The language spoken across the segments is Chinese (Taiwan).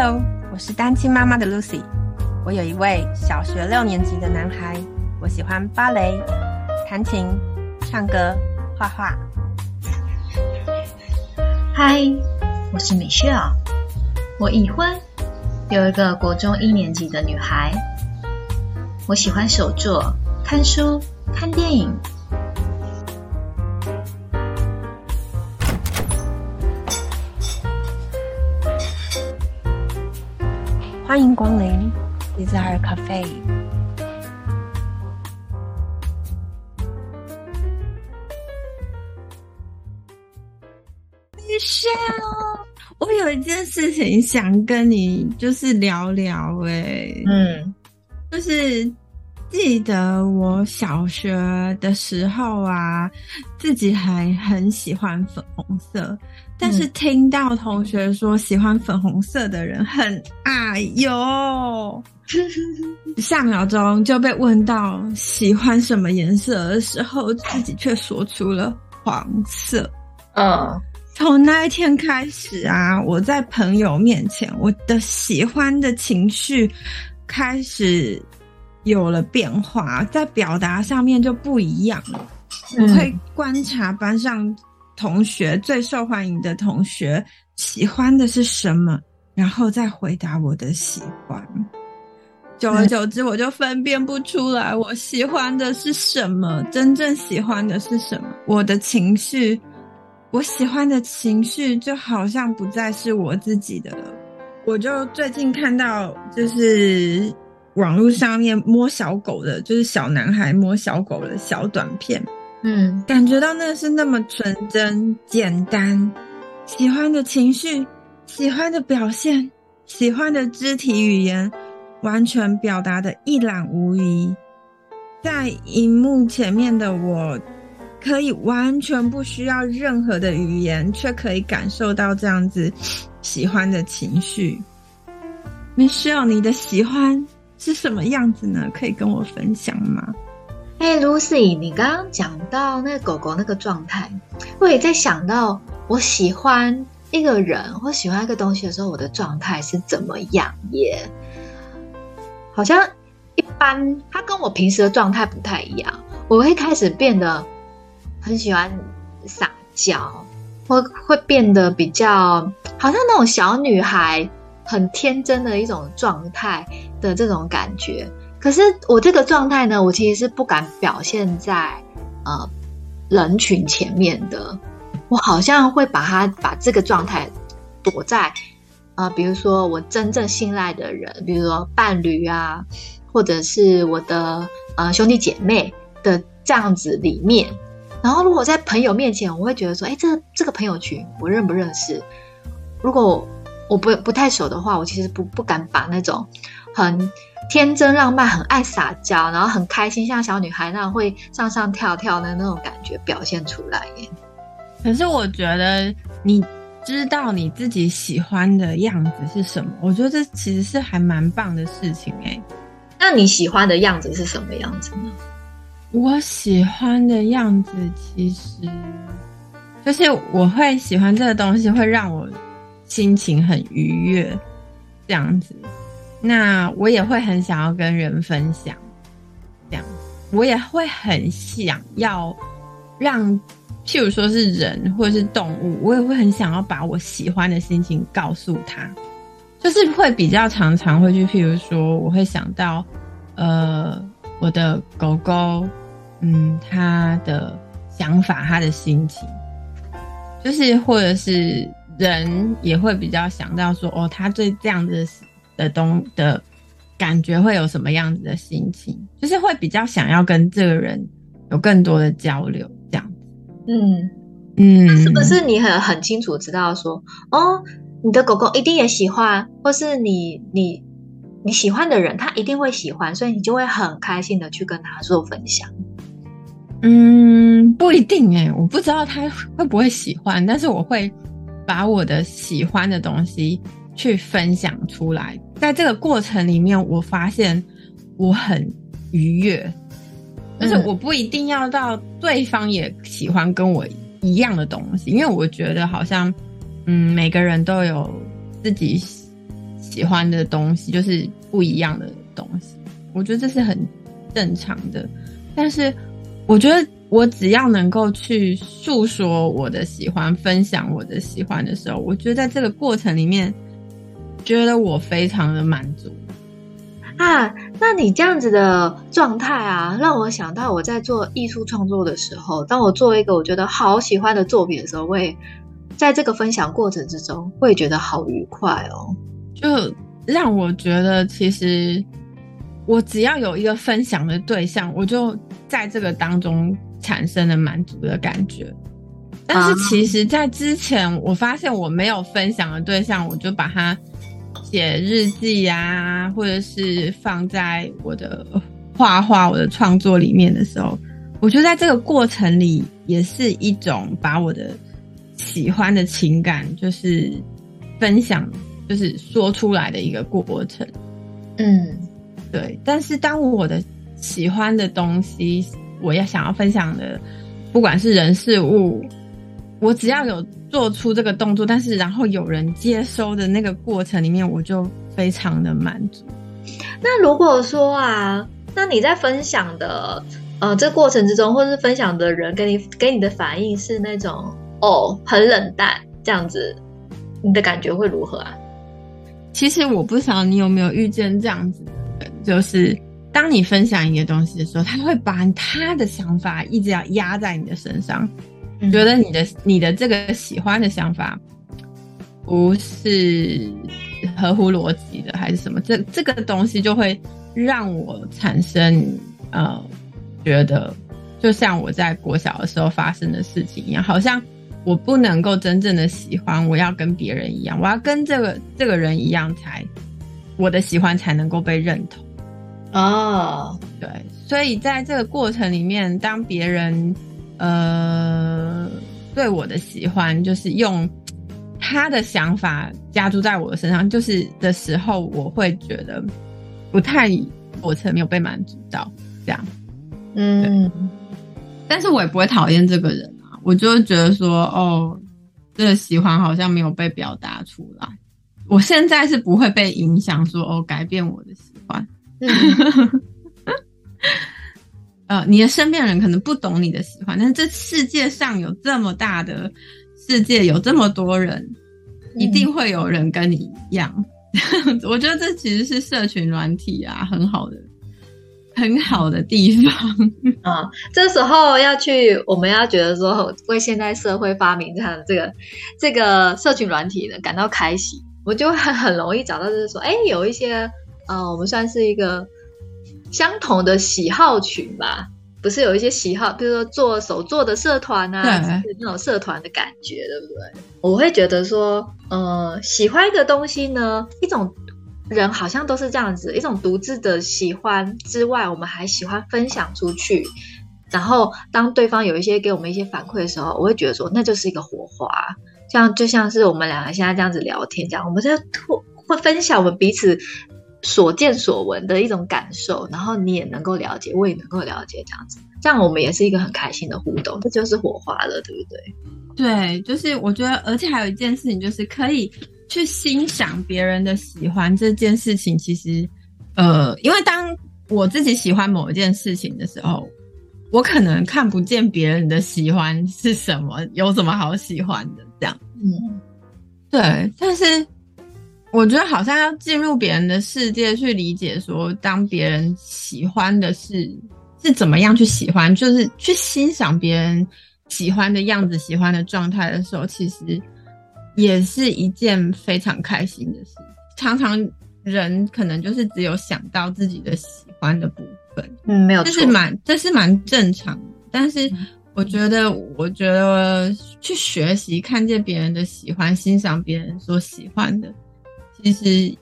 Hello，我是單親媽媽的 Lucy，我有一位小學六年級的男孩，我喜歡芭蕾、彈琴、唱歌、畫畫。Hi，我是 Michelle，我已婚，有一個國中一年級的女孩，我喜歡手作、看書、看電影。歡迎光臨 Desire Cafe。我有一件事情想跟你就是聊聊，欸，哎，嗯，就是記得我小學的時候啊，自己還很喜歡粉紅色。但是聽到同學說喜歡粉紅色的人很矮，喲，下秒鐘就被問到喜歡什麼顏色的時候，自己卻說出了黃色。嗯，從那一天開始啊，我在朋友面前我的喜歡的情緒開始有了變化，在表達上面就不一樣了。我會觀察班上。同學最受歡迎的同學喜歡的是什麼？然後再回答我的喜歡。久而久之，我就分辨不出來我喜歡的是什麼，真正喜歡的是什麼。我的情緒，我喜歡的情緒就好像不再是我自己的了。我就最近看到，就是網絡上面摸小狗的，就是小男孩摸小狗的小短片。嗯，感覺到那是那麼純真、簡單，喜歡的情緒，喜歡的表現，喜歡的肢體語言，完全表達的一覽無遺。在熒幕前面的我，可以完全不需要任何的語言，卻可以感受到這樣子喜歡的情緒。你需要你的喜歡是什麼樣子呢？可以跟我分享嗎？嘿、欸、Lucy，你剛剛講到那個狗狗那個狀態，我也在想到，我喜歡一個人或喜歡一個東西的時候，我的狀態是怎麼樣耶？好像一般，它跟我平時的狀態不太一樣，我會開始變得很喜歡撒嬌，會會變得比較，好像那種小女孩很天真的一種狀態的這種感覺。可是我這個狀態呢，我其實是不敢表現在呃人群前面的。我好像會把它把這個狀態躲在啊、呃，比如說我真正信賴的人，比如說伴侶啊，或者是我的呃兄弟姐妹的這樣子裡面。然後如果我在朋友面前，我會覺得說，哎，這這個朋友群我認不認識？如果。我不，不太熟的話，我其實不，不敢把那種很天真浪漫，很愛撒嬌，然後很開心，像小女孩那樣會上上跳跳的那種感覺表現出來耶。可是我覺得你知道你自己喜歡的樣子是什麼？我覺得這其實是還蠻棒的事情哎。那你喜歡的樣子是什麼樣子呢？我喜歡的樣子其實就是我會喜歡這個東西，會讓我心情很愉悅，這樣子，那我也會很想要跟人分享，這樣子，我也會很想要讓，譬如說是人或者是動物，我也會很想要把我喜歡的心情告訴他，就是會比較常常會去，譬如說我會想到，呃，我的狗狗，嗯，他的想法，他的心情，就是或者是。人也會比較想到說，哦，他對這樣子的東的，感覺會有什麼樣子的心情？就是會比較想要跟這個人有更多的交流，這樣。嗯嗯，嗯，是不是你很很清楚知道說，哦，你的狗狗一定也喜歡，或是你你你喜歡的人，他一定會喜歡，所以你就會很開心的去跟他做分享。嗯，不一定哎、欸，我不知道他會不會喜歡，但是我會。把我的喜歡的東西去分享出來，在這個過程裡面，我發現我很愉悅。但是我不一定要到對方也喜歡跟我一樣的東西，嗯，因為我覺得好像，嗯，每個人都有自己喜歡的東西，就是不一樣的東西，我覺得這是很正常的。但是，我覺得。我只要能夠去訴說我的喜歡，分享我的喜歡的時候，我覺得在這個過程裡面，覺得我非常的滿足啊！那你這樣子的狀態啊，讓我想到我在做藝術創作的時候，當我做一個我覺得好喜歡的作品的時候，我也在這個分享過程之中，會覺得好愉快哦。就讓我覺得，其實我只要有一個分享的對象，我就在這個當中，產生了滿足的感覺，但是其實，在之前我發現我沒有分享的對象，我就把它寫日記啊，或者是放在我的畫畫、我的創作裡面的時候，我覺得在這個過程裡，也是一種把我的喜歡的情感，就是分享，就是說出來的一個過程。嗯，對。但是當我的喜歡的東西，我要想要分享的，不管是人事物，我只要有做出這個動作，但是然後有人接收的那個過程裡面，我就非常的滿足。那如果說啊，那你在分享的呃這過程之中，或是分享的人跟你給你的反應是那種哦很冷淡這樣子，你的感覺會如何啊？其實我不知道你有沒有遇見這樣子，就是。當你分享一個東西的時候，他會把他的想法一直要壓在你的身上，嗯、哼覺得你的你的這個喜歡的想法不是合乎邏輯的，還是什麼？這這個東西就會讓我產生呃，覺得就像我在國小的時候發生的事情一樣，好像我不能夠真正的喜歡，我要跟別人一樣，我要跟這個這個人一樣才我的喜歡才能夠被認同。哦，oh，對，所以在這個過程裡面，當別人呃對我的喜歡，就是用他的想法加注在我的身上，就是的時候，我會覺得不太，我曾沒有被滿足到這樣，嗯，但是我也不會討厭這個人啊，我就會覺得說，哦，這個喜歡好像沒有被表達出來，我現在是不會被影響，說哦，改變我的喜歡。 呃、你的身邊人可能不懂你的喜歡，但是這世界上有這麼大的世界，有這麼多人，一定會有人跟你一樣。 我覺得這其實是社群軟體啊，很好的、很好的地方 啊。這時候要去，我們要覺得說，為現代社會發明這樣的這個這個社群軟體的感到開心，我就很容易找到，就是說，哎、欸，有一些。啊、呃，我們算是一個相同的喜好群吧？不是有一些喜好，比如說做手作的社團啊、嗯、是那種社團的感覺，對不對？我會覺得說，呃，喜歡一個東西呢，一種人好像都是這樣子，一種獨自的喜歡之外，我們還喜歡分享出去。然後，當對方有一些給我們一些反饋的時候，我會覺得說，那就是一個火花。像就像是我們兩個現在這樣子聊天這樣，我們就會分享我們彼此所見所聞的一種感受，然後你也能夠了解，我也能夠了解，這樣子，這樣我們也是一個很開心的互動，這就是火花了，對不對？對，就是我覺得，而且還有一件事情，就是可以去欣賞別人的喜歡這件事情。其實，呃，因為當我自己喜歡某一件事情的時候，我可能看不見別人的喜歡是什麼，有什麼好喜歡的這樣。嗯，對，但是。我覺得好像要進入別人的世界去理解說，說當別人喜歡的事是怎麼樣去喜歡，就是去欣賞別人喜歡的樣子、喜歡的狀態的時候，其實也是一件非常開心的事。常常人可能就是只有想到自己的喜歡的部分，嗯，沒有這，這是蠻這是蠻正常的。但是我覺得，我覺得我去學習，看見別人的喜歡，欣賞別人所喜歡的。其實，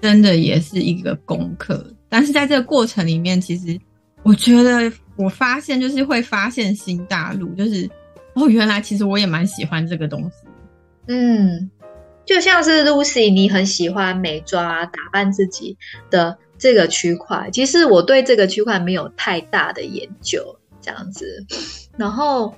真的也是一個功課。但是在這個過程裡面，其實我覺得我發現就是會發現新大陸，就是哦，原來其實我也蠻喜歡這個東西。嗯，就像是 Lucy，你很喜歡美妝啊，打扮自己的這個區塊。其實我對這個區塊沒有太大的研究，這樣子。然後，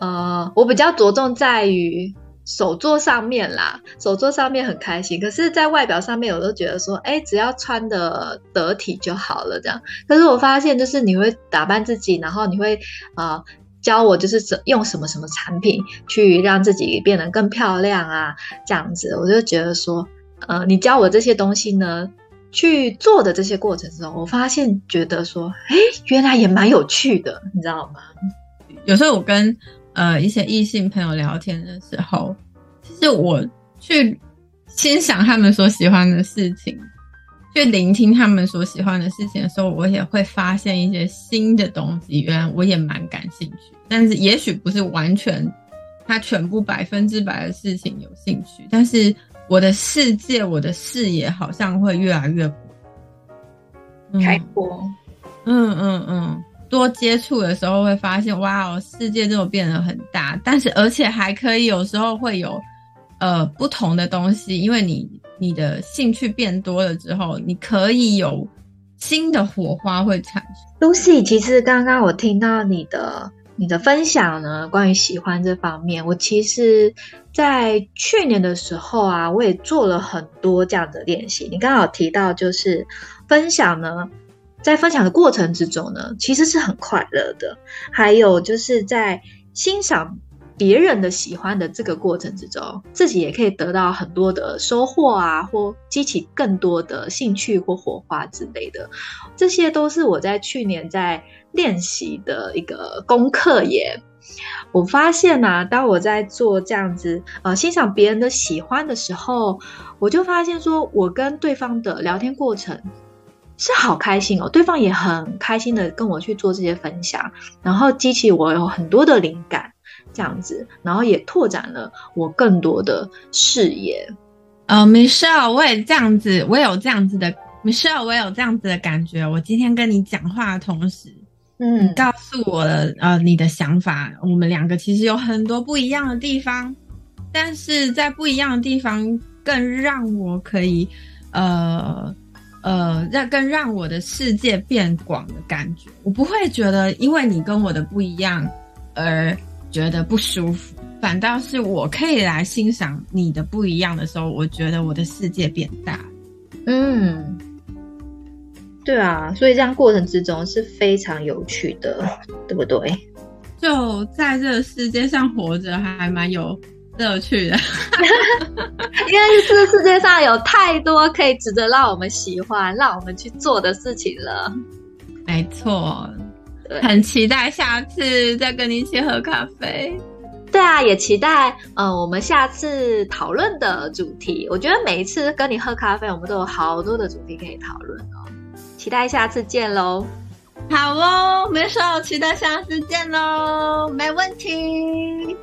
呃，我比較着重在於。手作上面啦，手作上面很開心。可是，在外表上面，我都覺得說，哎，只要穿得得體就好了這樣。可是我發現，就是你會打扮自己，然後你會啊，教我就是怎用什麼什麼產品去讓自己變得更漂亮啊，這樣子，我就覺得說，呃，你教我這些東西呢，去做的這些過程之後，我發現覺得說，哎，原來也蠻有趣的，你知道嗎？有時候我跟呃，一些異性朋友聊天的時候，其實我去欣賞他們所喜歡的事情，去聆聽他們所喜歡的事情的時候，我也會發現一些新的東西。原來我也蠻感興趣，但是也許不是完全他全部百分之百的事情有興趣，但是我的世界，我的視野好像會越來越開闊，嗯。嗯嗯嗯。嗯多接觸的時候，會發現哇哦，世界真的變得很大。但是，而且還可以，有時候會有呃不同的東西，因為你你的興趣變多了之後，你可以有新的火花會產生。Lucy，其實剛剛我聽到你的你的分享呢，關於喜歡這方面，我其實在去年的時候啊，我也做了很多這樣的練習。你剛好提到就是分享呢。在分享的過程之中呢，其實是很快樂的。還有就是在欣賞別人的喜歡的這個過程之中，自己也可以得到很多的收穫啊，或激起更多的興趣或火花之類的。這些都是我在去年在練習的一個功課耶。我發現呢、啊，當我在做這樣子呃欣賞別人的喜歡的時候，我就發現說我跟對方的聊天過程。是好開心哦，對方也很開心的跟我去做這些分享，然後激起我有很多的靈感，這樣子，然後也拓展了我更多的視野。呃，Michelle，我也這樣子，我也有這樣子的，Michelle，我也有這樣子的感覺。我今天跟你講話的同時，嗯，告訴我了呃你的想法，我們兩個其實有很多不一樣的地方，但是在不一樣的地方，更讓我可以呃。呃，讓更讓我的世界變廣的感覺，我不會覺得因為你跟我的不一樣而覺得不舒服，反倒是我可以來欣賞你的不一樣的時候，我覺得我的世界變大。嗯，對啊，所以這樣過程之中是非常有趣的，哦、對不對？就在這個世界上活着，還蠻有。有趣的， 因為這世界上有太多可以值得讓我們喜歡、讓我們去做的事情了。沒錯錯，對很期待下次再跟你一起喝咖啡。對啊，也期待、呃、我們下次討論的主題。我覺得每一次跟你喝咖啡，我們都有好多的主題可以討論哦。期待下次見嘍！好哦，沒錯，我期待下次見嘍，沒問題。